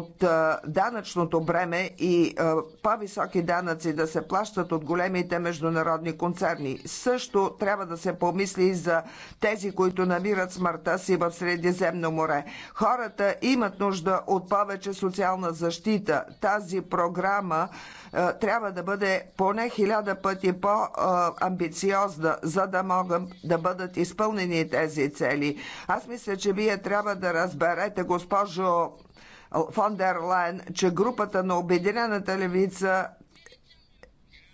от данъчното бреме и по-високи данъци да се плащат от големите международни концерни. Също трябва да се помисли и за тези, които намират смъртта си в Средиземно море. Хората имат нужда от повече социална защита. Тази програма трябва да бъде поне хиляда пъти по-амбициозна, за да могат да бъдат изпълнени тези цели. Аз мисля, че вие трябва да разберете, госпожо фон дер Лайн, че групата на Обединената левица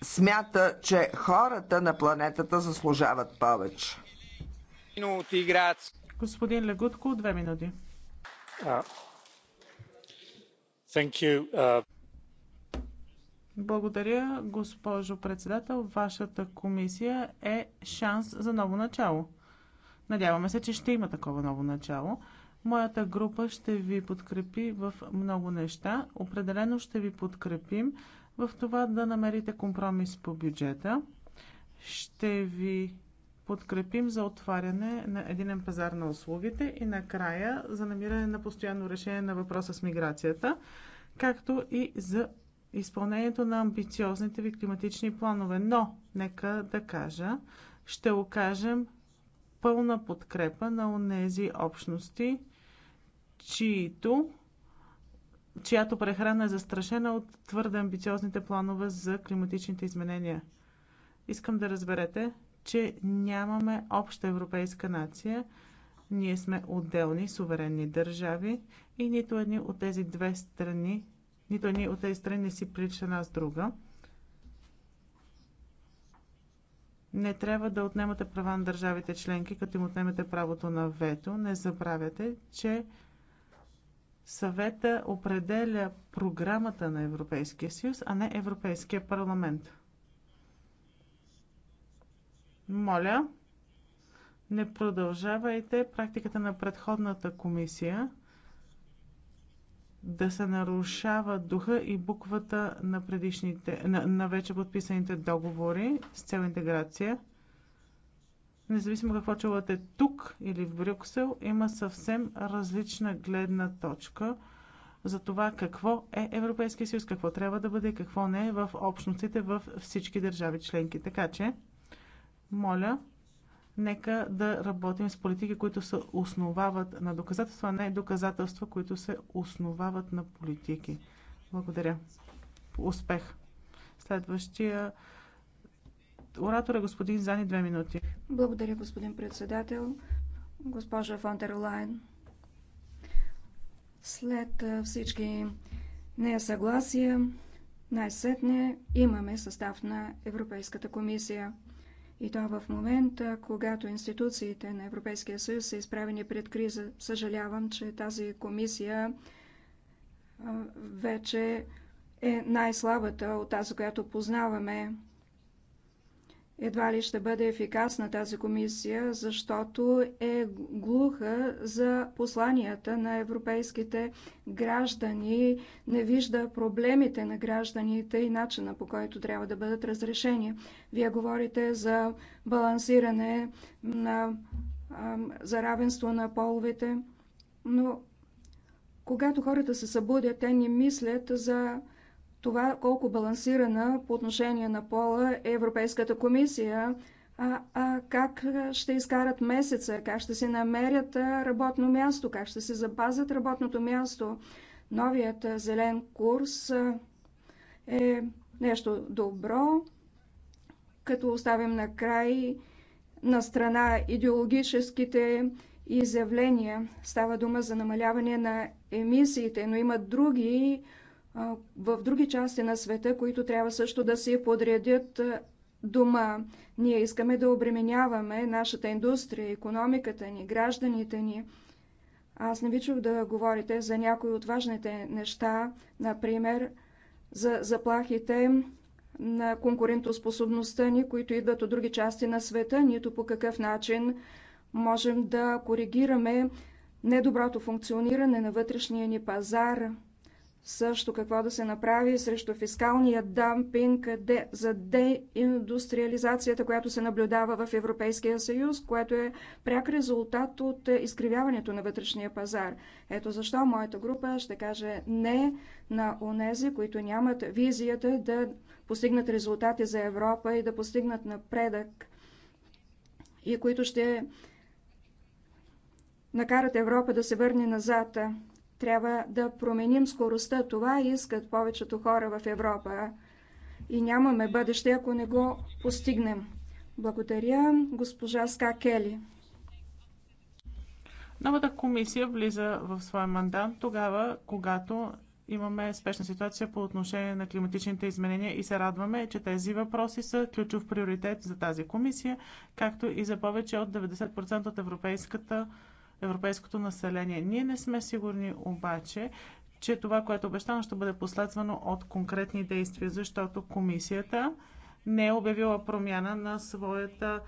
смята, че хората на планетата заслужават повече. Господин Легутко, две минути. uh... Благодаря, госпожо председател. Вашата комисия е шанс за ново начало. Надяваме се, че ще има такова ново начало. Моята група ще ви подкрепи в много неща. Определено ще ви подкрепим в това да намерите компромис по бюджета. Ще ви подкрепим за отваряне на единен пазар на услугите и накрая за намиране на постоянно решение на въпроса с миграцията, както и за изпълнението на амбициозните ви климатични планове. Но, нека да кажа, ще окажем пълна подкрепа на онези общности, чието чиято прехрана е застрашена от твърде амбициозните планове за климатичните изменения. Искам да разберете, че нямаме обща европейска нация, ние сме отделни суверенни държави и нито едни от тези две страни, нито едни от тези страни не си прилича нас друга. Не трябва да отнемате права на държавите членки, като им отнемете правото на вето. Не забравяте, че Съвета определя програмата на Европейския съюз, а не Европейския парламент. Моля, не продължавайте практиката на предходната комисия да се нарушава духа и буквата на, предишните, на, на вече подписаните договори с цел интеграция независимо какво чувате тук или в Брюксел, има съвсем различна гледна точка за това какво е Европейския съюз, какво трябва да бъде и какво не е в общностите във всички държави членки. Така че, моля, нека да работим с политики, които се основават на доказателства, а не доказателства, които се основават на политики. Благодаря. Успех! Следващия Оратора господин Зани, две минути. Благодаря, господин председател. Госпожа Фонтерлайн, след всички несъгласия, най-сетне имаме състав на Европейската комисия. И то в момента, когато институциите на Европейския съюз са изправени пред криза. Съжалявам, че тази комисия вече е най-слабата от тази, която познаваме едва ли ще бъде ефикасна тази комисия, защото е глуха за посланията на европейските граждани, не вижда проблемите на гражданите и начина по който трябва да бъдат разрешени. Вие говорите за балансиране на, за равенство на половете, но когато хората се събудят, те не мислят за това колко балансирана по отношение на пола е Европейската комисия, а, а как ще изкарат месеца, как ще се намерят работно място, как ще се запазят работното място. Новият зелен курс е нещо добро, като оставим на край на страна идеологическите изявления. Става дума за намаляване на емисиите, но има други в други части на света, които трябва също да си подредят дома. Ние искаме да обременяваме нашата индустрия, економиката ни, гражданите ни. Аз не ви чух да говорите за някои от важните неща, например за заплахите на конкурентоспособността ни, които идват от други части на света, нито по какъв начин можем да коригираме недоброто функциониране на вътрешния ни пазар – също какво да се направи срещу фискалния дампинг де, за деиндустриализацията, която се наблюдава в Европейския съюз, което е пряк резултат от изкривяването на вътрешния пазар. Ето защо моята група ще каже не на онези, които нямат визията да постигнат резултати за Европа и да постигнат напредък и които ще накарат Европа да се върне назад. Трябва да променим скоростта. Това искат повечето хора в Европа. И нямаме бъдеще, ако не го постигнем. Благодаря, госпожа Ска Кели. Новата комисия влиза в своя мандат тогава, когато имаме спешна ситуация по отношение на климатичните изменения и се радваме, че тези въпроси са ключов приоритет за тази комисия, както и за повече от 90% от европейската европейското население. Ние не сме сигурни обаче, че това, което обещано, ще бъде последвано от конкретни действия, защото комисията не е обявила промяна на своята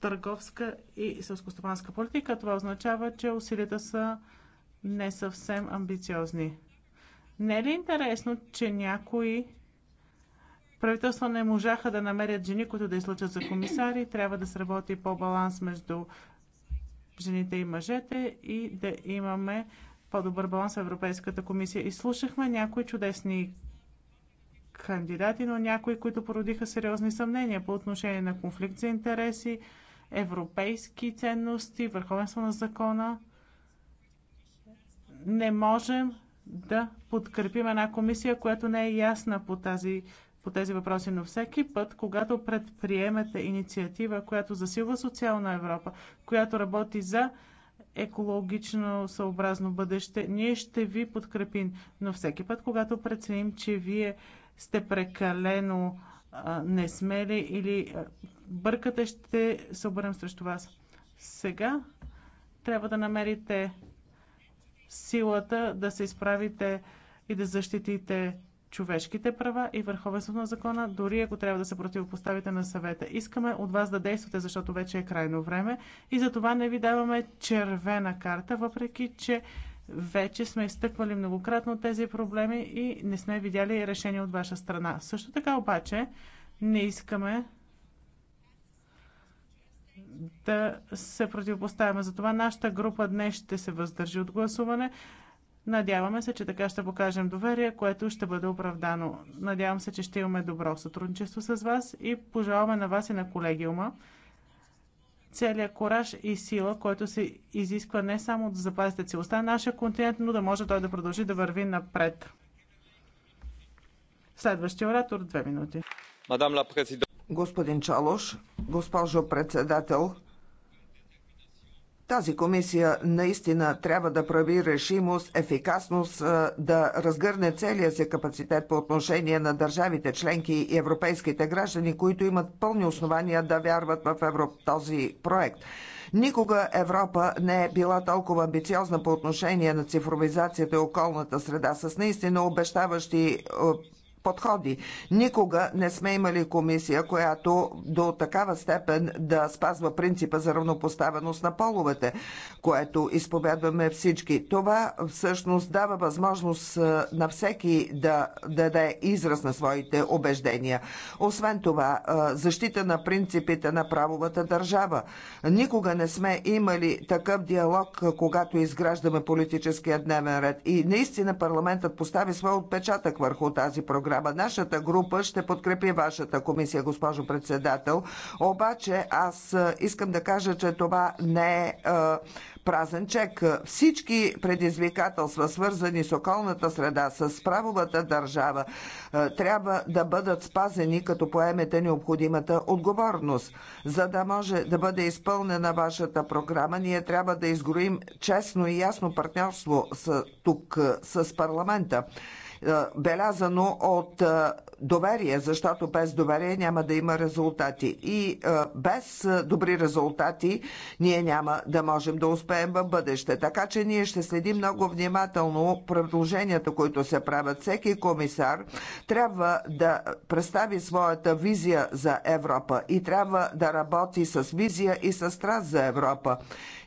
търговска и селскостопанска политика. Това означава, че усилията са не съвсем амбициозни. Не е ли интересно, че някои правителства не можаха да намерят жени, които да излъчат за комисари? Трябва да се работи по-баланс между жените и мъжете и да имаме по-добър баланс в Европейската комисия. И слушахме някои чудесни кандидати, но някои, които породиха сериозни съмнения по отношение на конфликт за интереси, европейски ценности, върховенство на закона. Не можем да подкрепим една комисия, която не е ясна по тази по тези въпроси, но всеки път, когато предприемете инициатива, която засилва социална Европа, която работи за екологично съобразно бъдеще, ние ще ви подкрепим. Но всеки път, когато преценим, че вие сте прекалено а, несмели или а, бъркате, ще се обърнем срещу вас. Сега трябва да намерите силата да се изправите и да защитите човешките права и върховенството на закона, дори ако трябва да се противопоставите на съвета. Искаме от вас да действате, защото вече е крайно време и за това не ви даваме червена карта, въпреки че вече сме изтъквали многократно тези проблеми и не сме видяли решение от ваша страна. Също така обаче не искаме да се противопоставяме. Затова нашата група днес ще се въздържи от гласуване. Надяваме се, че така ще покажем доверие, което ще бъде оправдано. Надявам се, че ще имаме добро сътрудничество с вас и пожелаваме на вас и на колегиума целият кораж и сила, който се изисква не само да запазите целостта на нашия континент, но да може той да продължи да върви напред. Следващия оратор, две минути. Господин Чалош, госпожо председател, тази комисия наистина трябва да прави решимост, ефикасност, да разгърне целия си капацитет по отношение на държавите членки и европейските граждани, които имат пълни основания да вярват в Европ... този проект. Никога Европа не е била толкова амбициозна по отношение на цифровизацията и околната среда, с наистина обещаващи подходи. Никога не сме имали комисия, която до такава степен да спазва принципа за равнопоставеност на половете, което изповядваме всички. Това всъщност дава възможност на всеки да даде израз на своите убеждения. Освен това, защита на принципите на правовата държава. Никога не сме имали такъв диалог, когато изграждаме политическия дневен ред. И наистина парламентът постави своя отпечатък върху тази програма програма. Нашата група ще подкрепи вашата комисия, госпожо председател. Обаче аз искам да кажа, че това не е празен чек. Всички предизвикателства, свързани с околната среда, с правовата държава, трябва да бъдат спазени, като поемете необходимата отговорност. За да може да бъде изпълнена вашата програма, ние трябва да изгроим честно и ясно партньорство с, тук с парламента. Е, белязано от е, доверие, защото без доверие няма да има резултати. И без добри резултати ние няма да можем да успеем в бъдеще. Така че ние ще следим много внимателно предложенията, които се правят. Всеки комисар трябва да представи своята визия за Европа и трябва да работи с визия и с страст за Европа.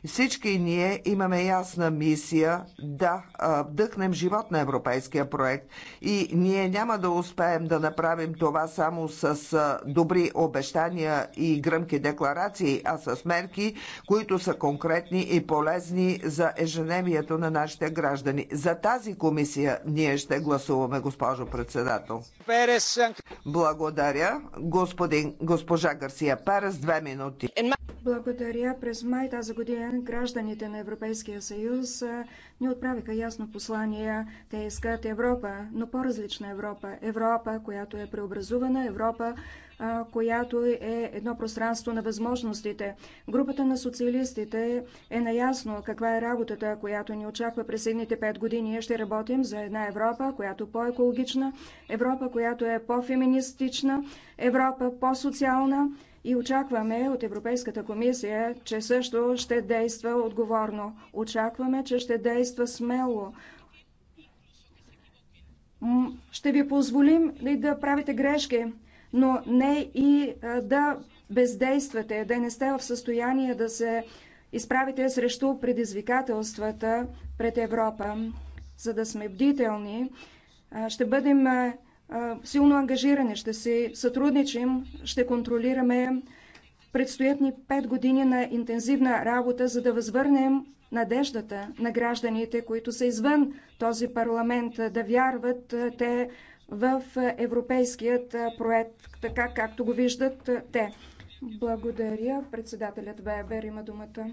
Всички ние имаме ясна мисия да вдъхнем живот на европейския проект и ние няма да успеем да направим това само с добри обещания и гръмки декларации, а с мерки, които са конкретни и полезни за ежедневието на нашите граждани. За тази комисия ние ще гласуваме, госпожо председател. Благодаря. Господин, госпожа Гарсия Перес, две минути. Благодаря. През май тази година гражданите на Европейския съюз ни отправиха ясно послание. Те искат Европа, но по-различна Европа. Европа, която е преобразувана, Европа, която е едно пространство на възможностите. Групата на социалистите е наясно каква е работата, която ни очаква през едните пет години. Ние ще работим за една Европа, която е по-екологична, Европа, която е по-феминистична, Европа по-социална и очакваме от Европейската комисия, че също ще действа отговорно. Очакваме, че ще действа смело ще ви позволим ли да правите грешки, но не и да бездействате, да не сте в състояние да се изправите срещу предизвикателствата пред Европа. За да сме бдителни, ще бъдем силно ангажирани, ще си сътрудничим, ще контролираме Предстоят ни пет години на интензивна работа, за да възвърнем надеждата на гражданите, които са извън този парламент, да вярват те в европейският проект, така както го виждат те. Благодаря. Председателят Вебер има думата.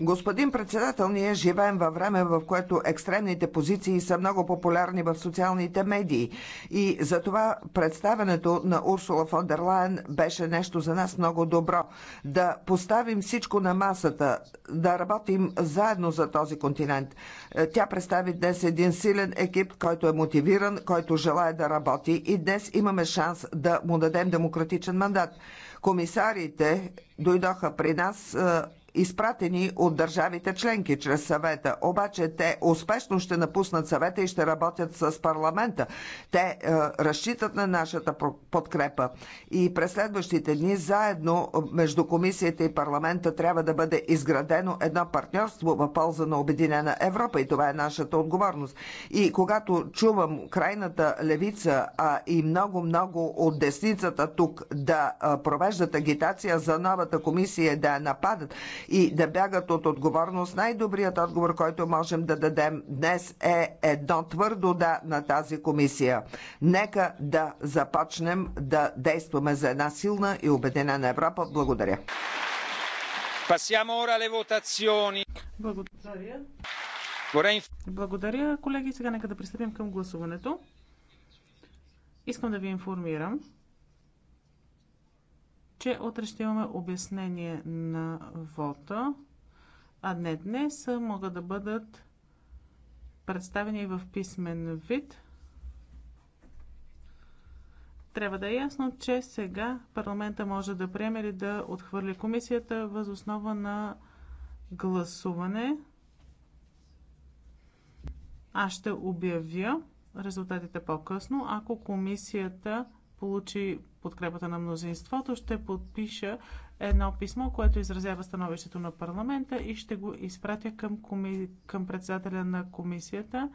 Господин председател, ние живеем във време, в което екстремните позиции са много популярни в социалните медии и затова представенето на Урсула фон дер Лайен беше нещо за нас много добро. Да поставим всичко на масата, да работим заедно за този континент. Е, тя представи днес един силен екип, който е мотивиран, който желая да работи и днес имаме шанс да му дадем демократичен мандат. Комисарите дойдоха при нас е, изпратени от държавите членки чрез съвета. Обаче те успешно ще напуснат съвета и ще работят с парламента. Те е, разчитат на нашата подкрепа. И през следващите дни заедно между комисията и парламента трябва да бъде изградено едно партньорство в полза на Обединена Европа. И това е нашата отговорност. И когато чувам крайната левица, а и много-много от десницата тук да провеждат агитация за новата комисия, да я нападат и да бягат от отговорност, най-добрият отговор, който можем да дадем днес е едно твърдо да на тази комисия. Нека да започнем да действаме за една силна и обединена Европа. Благодаря. Благодаря. Благодаря, колеги. Сега нека да пристъпим към гласуването. Искам да ви информирам, че утре ще имаме обяснение на вота, а не днес могат да бъдат представени в писмен вид. Трябва да е ясно, че сега парламента може да приеме или да отхвърли комисията въз основа на гласуване. Аз ще обявя резултатите по-късно, ако комисията получи подкрепата на мнозинството, ще подпиша едно писмо, което изразява становището на парламента и ще го изпратя към, коми... към председателя на комисията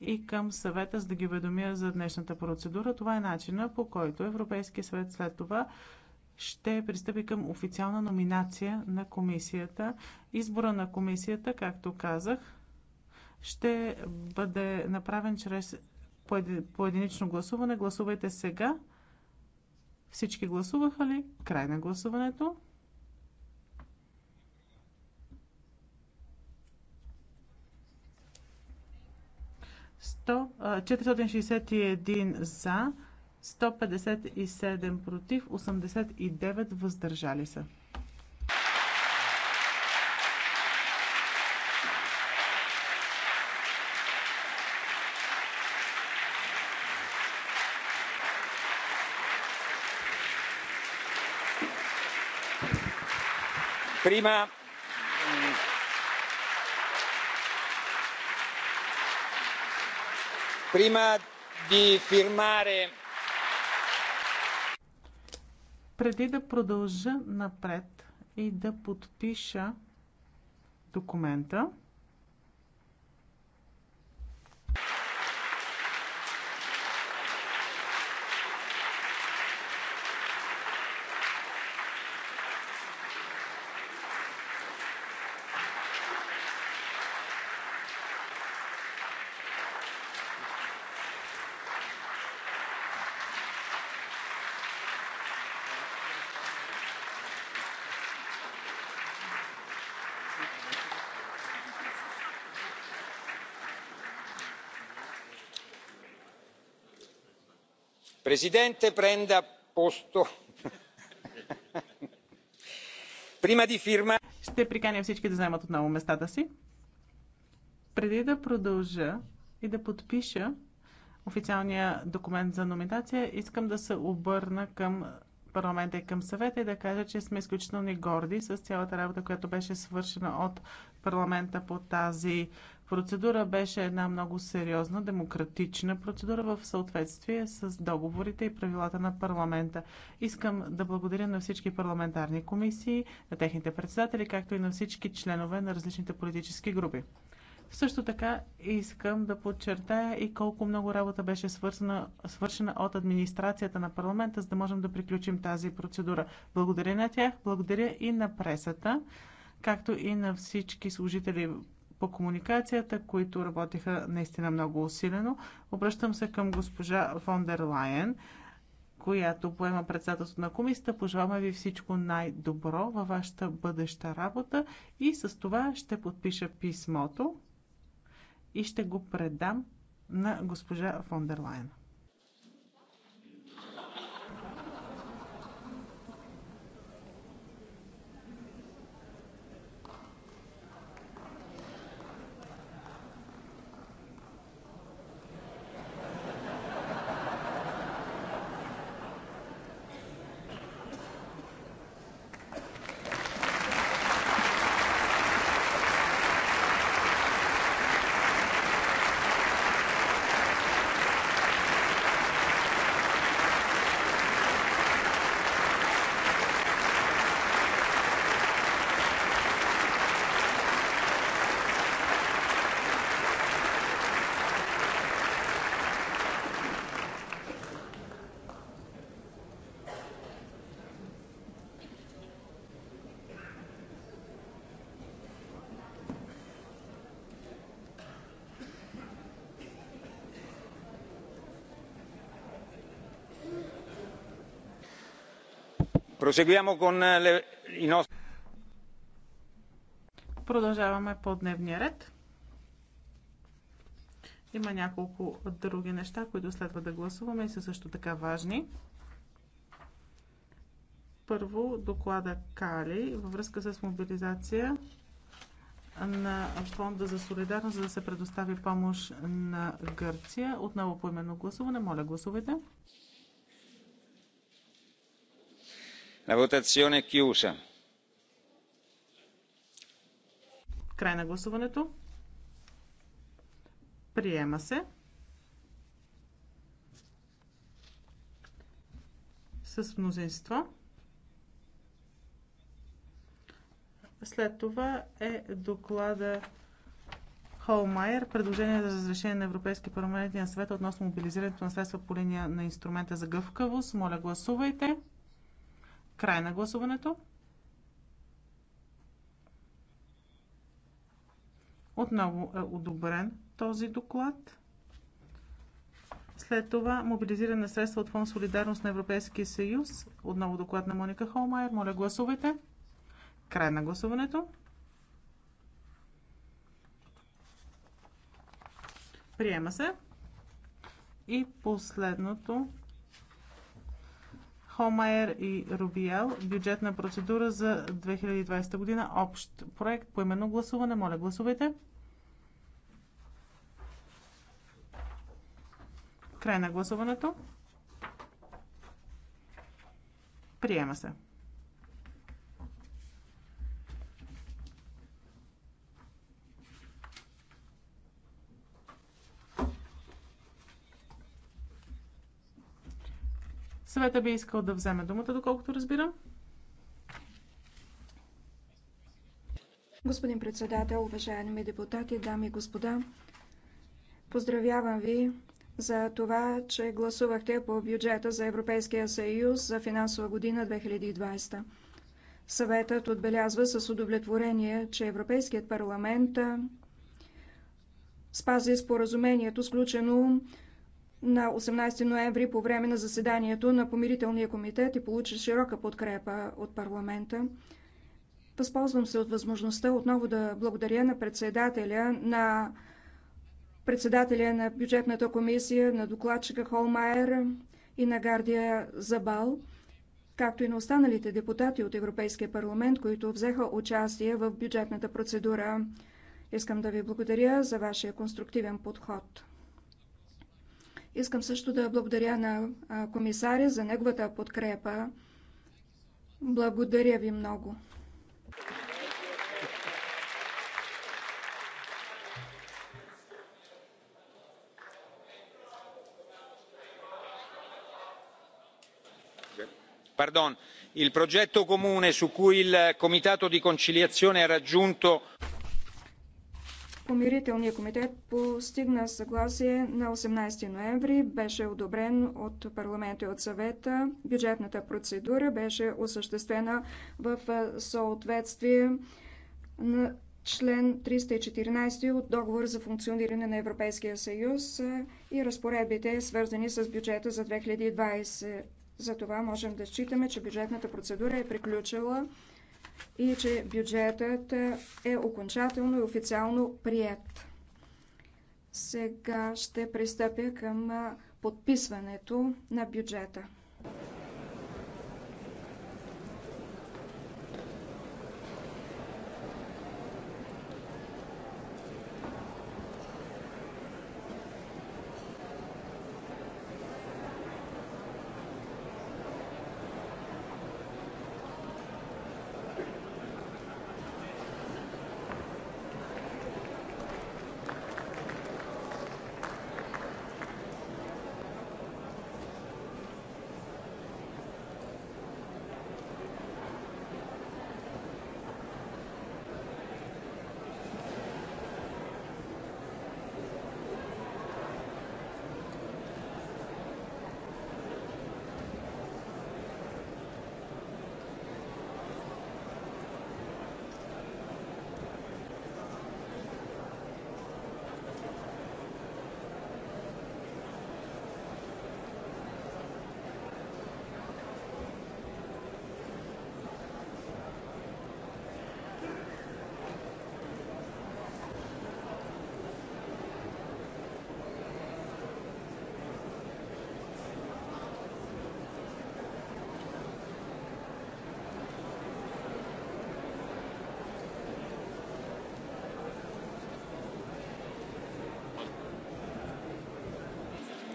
и към съвета, за да ги уведомя за днешната процедура. Това е начина по който Европейския съвет след това ще пристъпи към официална номинация на комисията. Избора на комисията, както казах, ще бъде направен чрез поединично гласуване. Гласувайте сега. Всички гласуваха ли? Край на гласуването. Сто, 461 за, 157 против, 89 въздържали се. prima prima di firmare преди да продължа напред и да подпиша документа presidente prenda posto. Ще приканя всички да вземат отново местата си. Преди да продължа и да подпиша официалния документ за номинация, искам да се обърна към парламента и към съвета и да кажа, че сме изключително горди с цялата работа, която беше свършена от парламента по тази процедура. Беше една много сериозна демократична процедура в съответствие с договорите и правилата на парламента. Искам да благодаря на всички парламентарни комисии, на техните председатели, както и на всички членове на различните политически групи. Също така искам да подчертая и колко много работа беше свършена, свършена от администрацията на парламента, за да можем да приключим тази процедура. Благодаря на тях, благодаря и на пресата, както и на всички служители по комуникацията, които работиха наистина много усилено. Обръщам се към госпожа Фон дер Лайен, която поема председателство на комисията. Пожелаваме ви всичко най-добро във вашата бъдеща работа и с това ще подпиша писмото и ще го предам на госпожа фон дер Лайен. Eh, Продължаваме по дневния ред. Има няколко други неща, които следва да гласуваме и са също така важни. Първо, доклада Кали във връзка с мобилизация на Фонда за солидарност, за да се предостави помощ на Гърция. Отново по именно гласуване. Моля, гласувайте. La votazione è chiusa. Край на гласуването. Приема се. С мнозинство. След това е доклада Холмайер, предложение за разрешение на Европейския парламент и на съвета относно мобилизирането на средства по линия на инструмента за гъвкавост. Моля, гласувайте. Край на гласуването. Отново е одобрен този доклад. След това мобилизиране на средства от фонд Солидарност на Европейския съюз. Отново доклад на Моника Холмайер. Моля гласувайте. Край на гласуването. Приема се. И последното Холмайер и Рубиел. Бюджетна процедура за 2020 година. Общ проект по именно гласуване. Моля, гласувайте. Край на гласуването. Приема се. Съвета би искал да вземе думата, доколкото разбирам. Господин председател, уважаеми депутати, дами и господа, поздравявам ви за това, че гласувахте по бюджета за Европейския съюз за финансова година 2020. Съветът отбелязва с удовлетворение, че Европейският парламент спази споразумението, сключено на 18 ноември по време на заседанието на помирителния комитет и получи широка подкрепа от парламента. Възползвам се от възможността отново да благодаря на председателя на председателя на бюджетната комисия, на докладчика Холмайер и на Гардия Забал, както и на останалите депутати от Европейския парламент, които взеха участие в бюджетната процедура. Искам да ви благодаря за вашия конструктивен подход. Искам също да благодаря на комисаря за неговата подкрепа. Благодаря ви много. Pardon, il progetto comune su cui il comitato di conciliazione ha raggiunto Помирителният комитет постигна съгласие на 18 ноември, беше одобрен от парламента и от съвета. Бюджетната процедура беше осъществена в съответствие на член 314 от договор за функциониране на Европейския съюз и разпоредбите, свързани с бюджета за 2020. Затова можем да считаме, че бюджетната процедура е приключила и че бюджетът е, е окончателно и официално прият. Сега ще пристъпя към подписването на бюджета.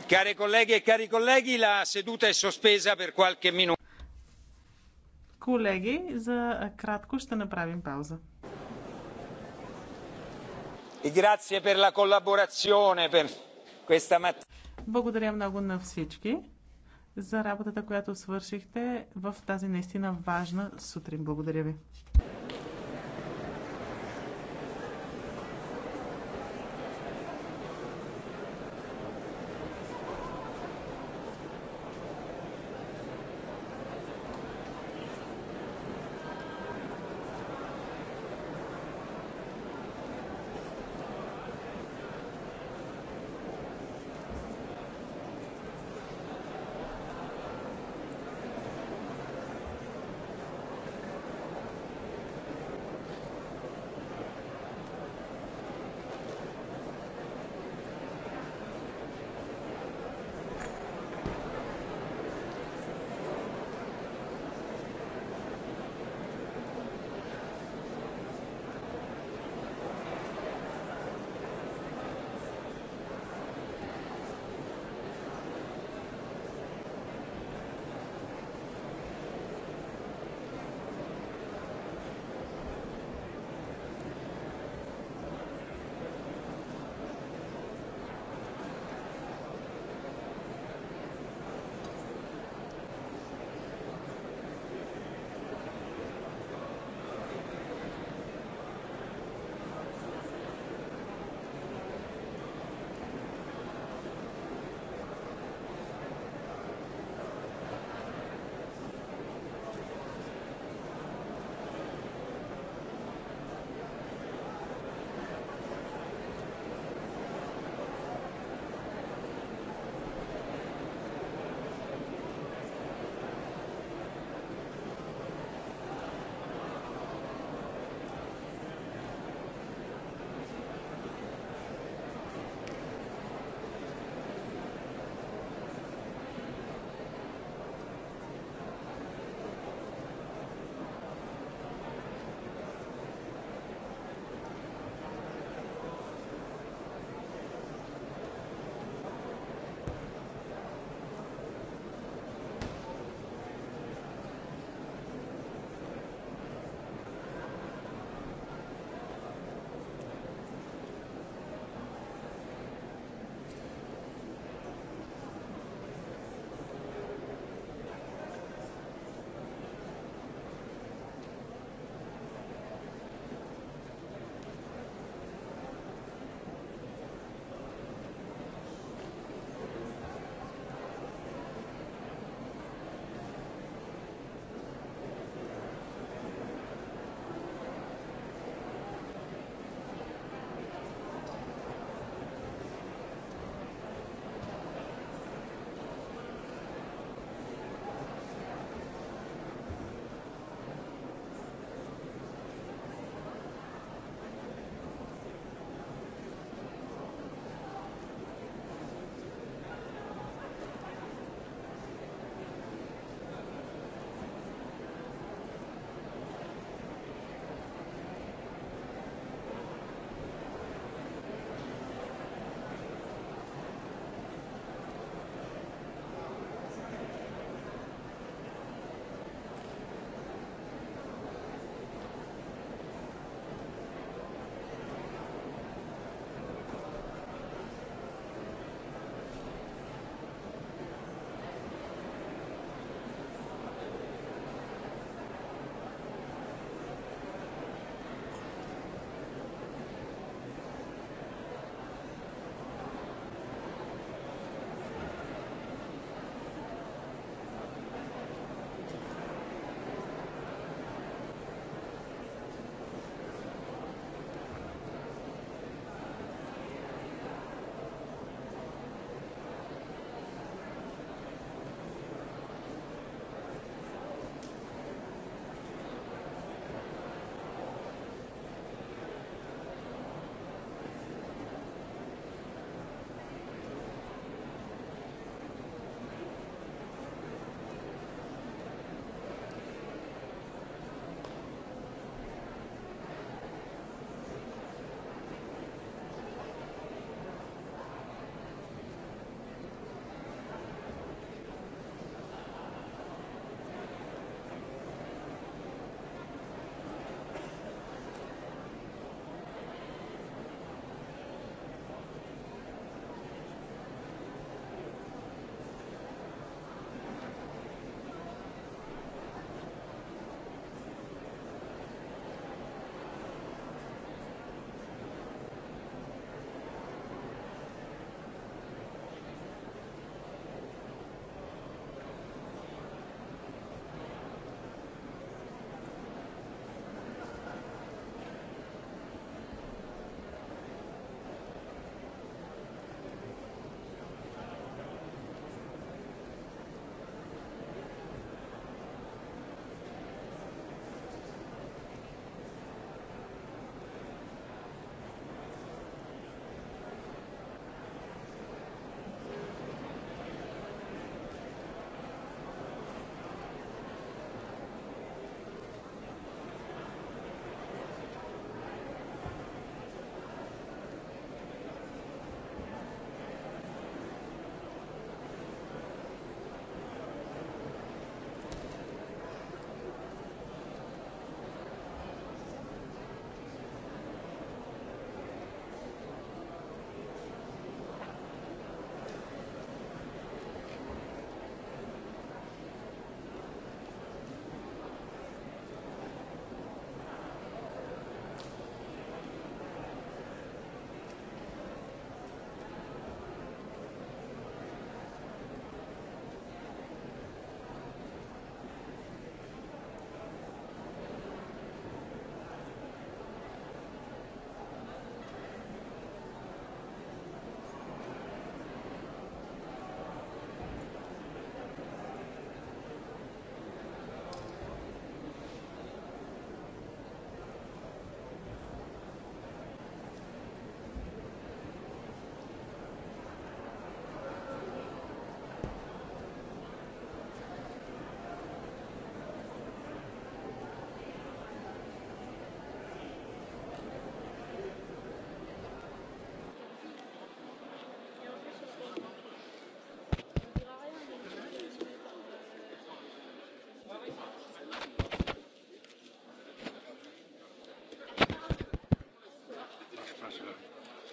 Care colleghe e cari colleghi la seduta è sospesa per qualche minuto. Колеги, за кратко ще направим пауза. И grazie per la collaborazione per questa mattina. Благодаря много на всички за работата, която свършихте в тази наистина важна сутрин. Благодаря ви.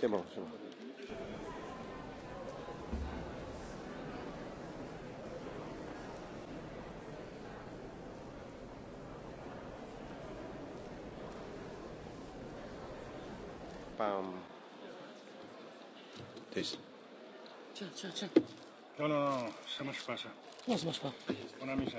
C'est bon, c'est bon. Pam. Tiens, tiens, tiens. Non, non, non, ça marche pas, ça. Non, ça marche pas. On a mis ça.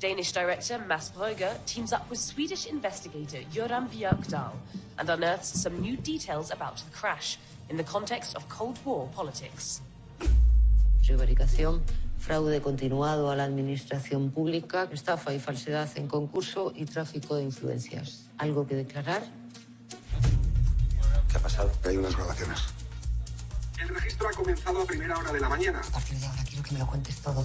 Danish director Mass Brugger teams up with Swedish investigator Joran Björkdahl and unearths some new details about the crash in the context of Cold War politics. Prevaricación, fraude continuado a la administración pública, estafa y falsedad en concurso y tráfico de influencias. ¿Algo que declarar? ¿Qué ha pasado? Hay unas grabaciones. El registro ha comenzado a primera hora de la mañana. A partir de ahora quiero que me lo cuentes todo.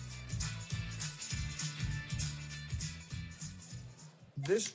This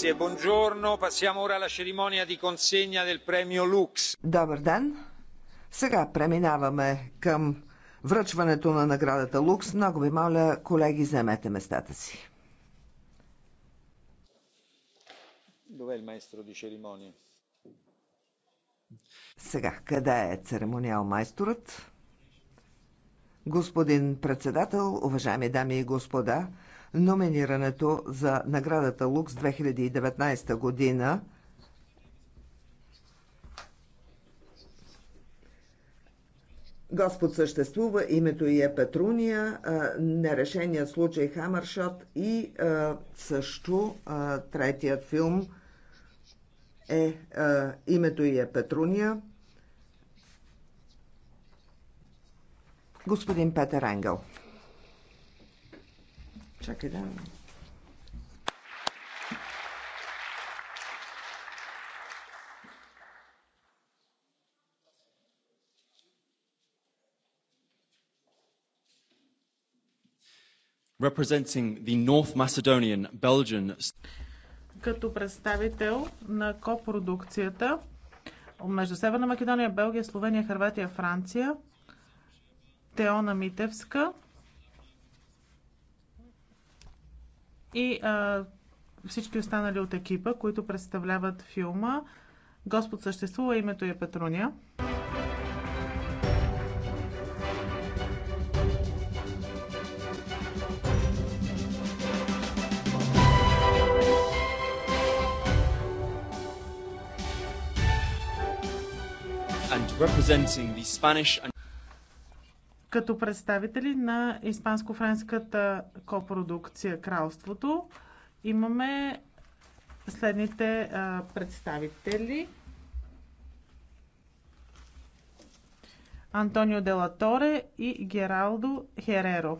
Grazie, buongiorno. Passiamo ora alla cerimonia di consegna del premio Lux. Добър ден. Сега преминаваме към връчването на наградата Лукс. Много ви моля, колеги, вземете местата си. Dov'è il maestro di cerimonia? Сега, къде е церемониал майсторът? Господин председател, уважаеми дами и господа, номинирането за наградата Лукс 2019 година. Господ съществува, името и е Петруния, нерешения случай Хамършот и също третият филм е името и е Петруния. Господин Петър Енгел. Чакай да... representing the North Macedonian Belgian като представител на копродукцията между Северна Македония, Белгия, Словения, Харватия, Франция, Теона Митевска и а, всички останали от екипа, които представляват филма Господ съществува, името е Петруня. and representing the Spanish and като представители на Испанско-френската копродукция Кралството. Имаме следните а, представители. Антонио Делаторе и Гералдо Хереро.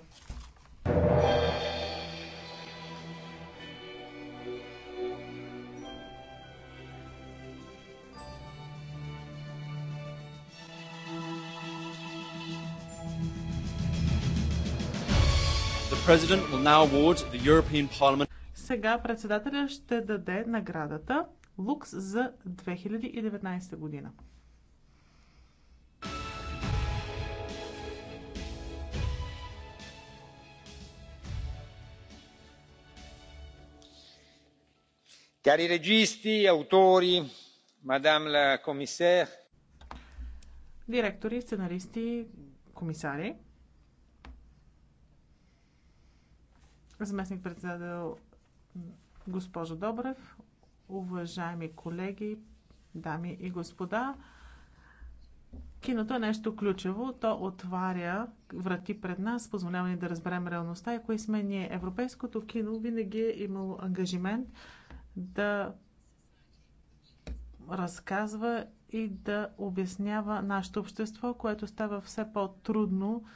president will now award the European Parliament. Сега председателя ще даде наградата Лукс за 2019 година. Cari registi, autori, madame la commissaire. Директори, сценаристи, комисари. заместник председател госпожо Добрев, уважаеми колеги, дами и господа. Киното е нещо ключово. То отваря врати пред нас, позволява ни да разберем реалността и кои сме ние. Европейското кино винаги е имало ангажимент да разказва и да обяснява нашето общество, което става все по-трудно